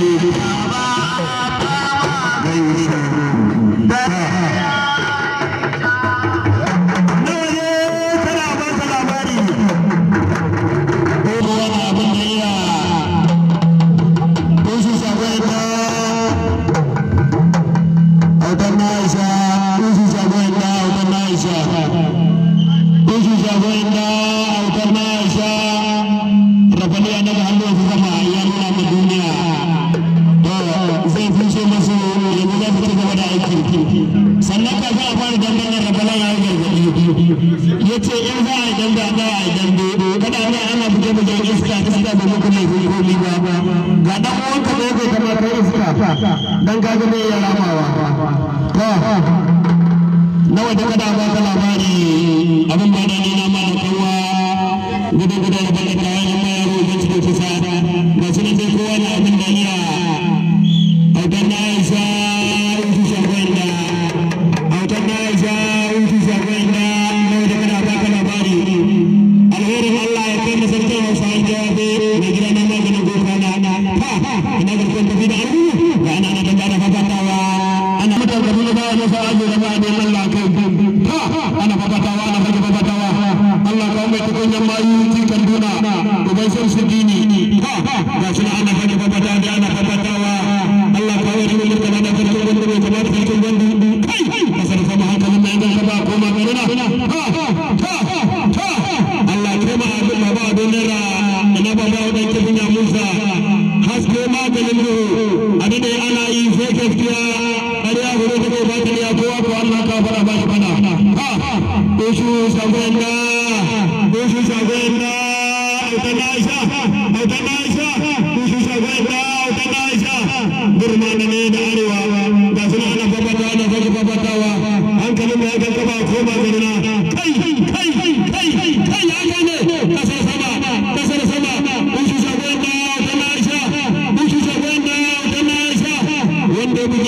Baba, nan kaga mai ya ramawa nawa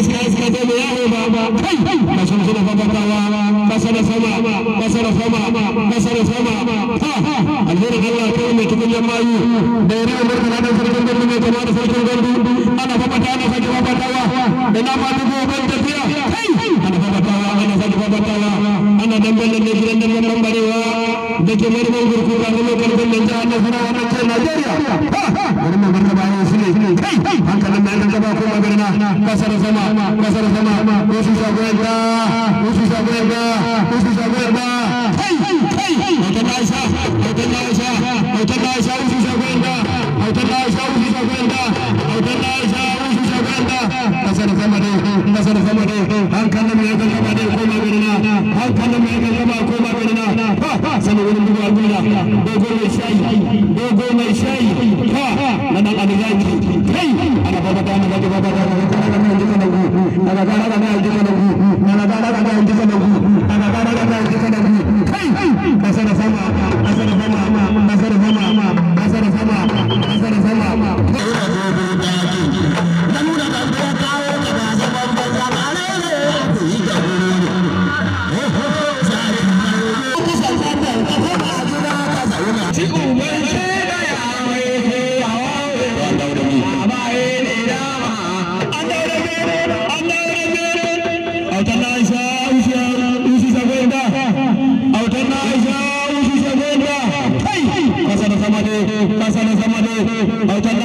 iska iska ta ba kai ka da sama kasa da mayu sarkin ana fafata ana sake na ana da gidan barewa ke marmar gurkuka kuma garbin nan na ce najeriya bari mu bar gaba yin hankalin mai ko kasar sama kasar sama wasu wasu wasu hautar da aisha hautar da aisha hautar da aisha wasu hautar da aisha wasu hautar da aisha wasu kasar sama nasar sama ne hankalin ya ga gaba ne koma birna hankalin ya ga gaba koma birna sanin wani bugu gona dogo mai shayi dogo mai shayi ha na dan adiyaki kai ana baba da na baba da na baba da na jika na gu na baba da na jika na gu na baba da na jika na gu zamane kasa na da autan na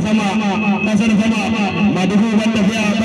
sama kasa na madugu ban tafiya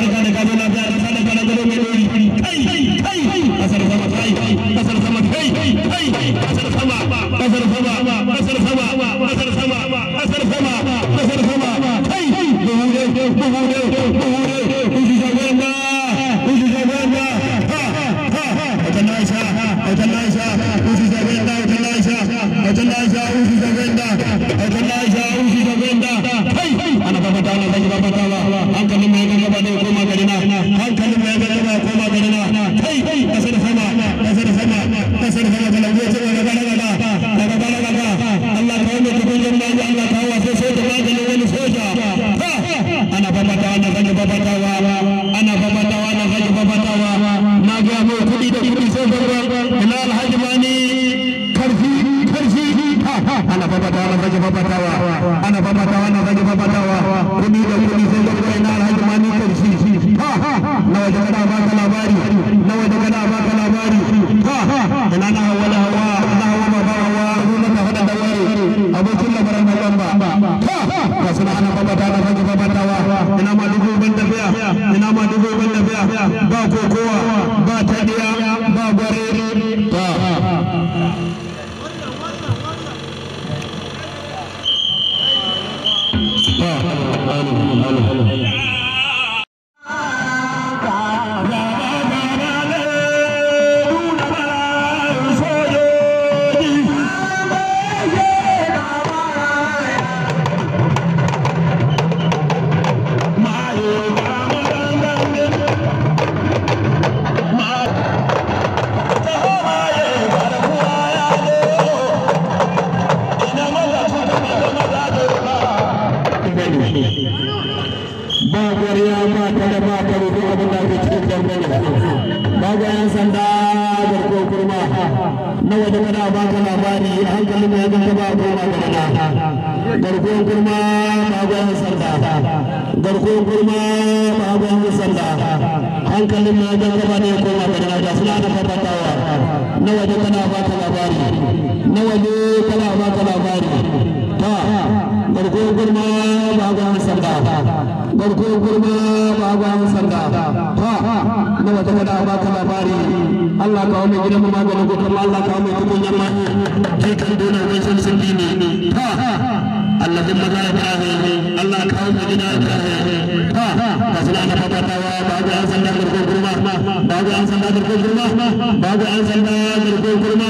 nawa da kana ba ka labari hankalin mai gaba ba goma gaba garkon kurma magon sanda garkon kurma magon sanda hankalin mai gaba ne goma gaba da suna da fafatawa nawa da kana ba ka labari nawa da kana ba ka labari ta garkon kurma bagon sanda barko gurma bagon sanda ha na wata kada ba ka labari Allah ka wani gidan maganin ko kuma Allah ka wani kuma yamma ke kan dona mai san sun dini ha Allah din maza ta Allah ka wani gidan ta ha ka sala na fatawa bagon sanda barko gurma bagon sanda gurma bagon sanda gurma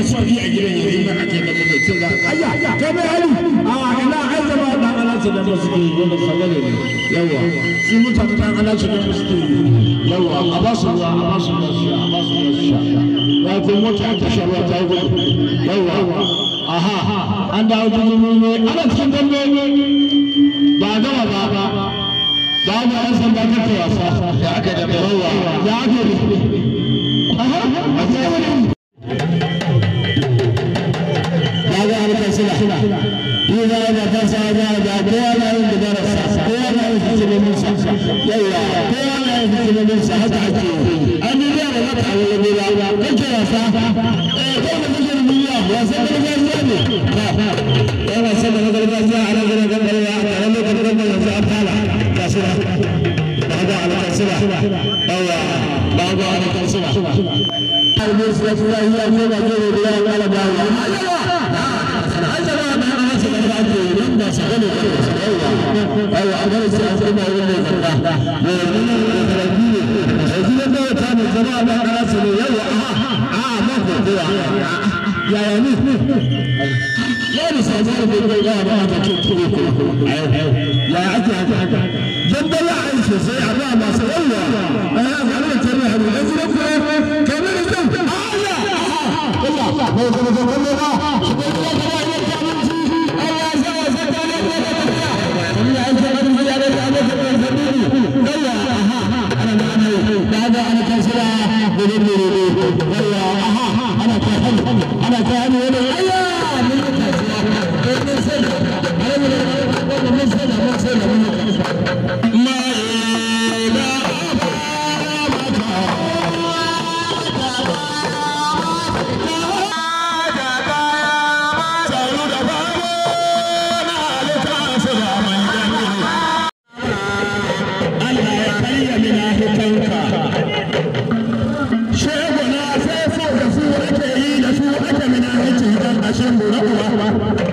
ina so bi a kai a ai da a ta من ساعات عجيب أنا لا آه، لا تعالى بلا كجرا سا كم كجرا مية وسبع جزاني كم سبع جزاني على جرا كم بلا تعالى كم كم بلا سبع تعالى كسرة بعد على كسرة الله بعد على كسرة الناس لا تلا هي أمور كذي بلا ولا بلا أيوة أنا سأقول لك jama'a da ana su ne yawa a ma ko kowa ya ya ni yaro sai zai bai bai ba ba ta ce ko ko ya ake haka haka dan dalla ai sosai a ba masu yawa a ya ga Allah ta rahama da kuma kuma kamar da Allah Allah ko ko ko Allah Allah.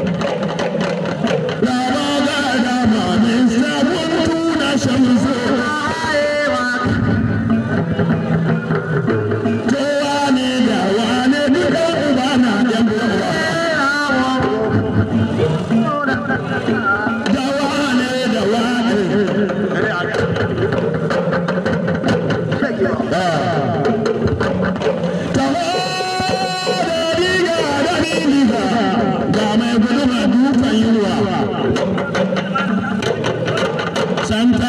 ಗ್ರಂಥದ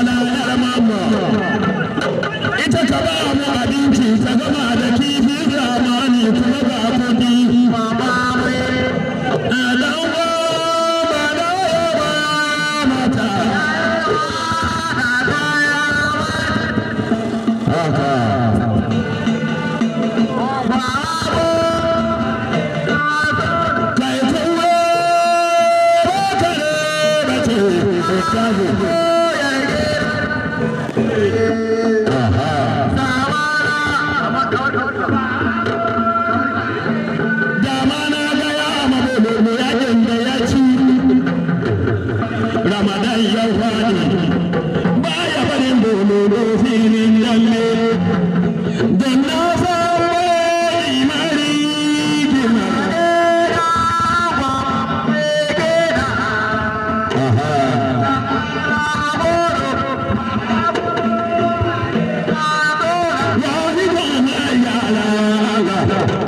Yeah.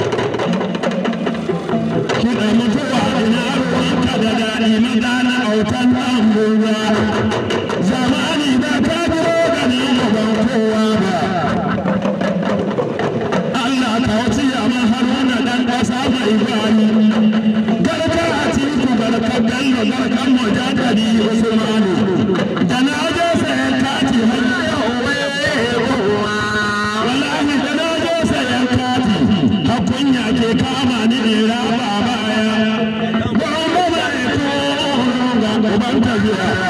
Ini l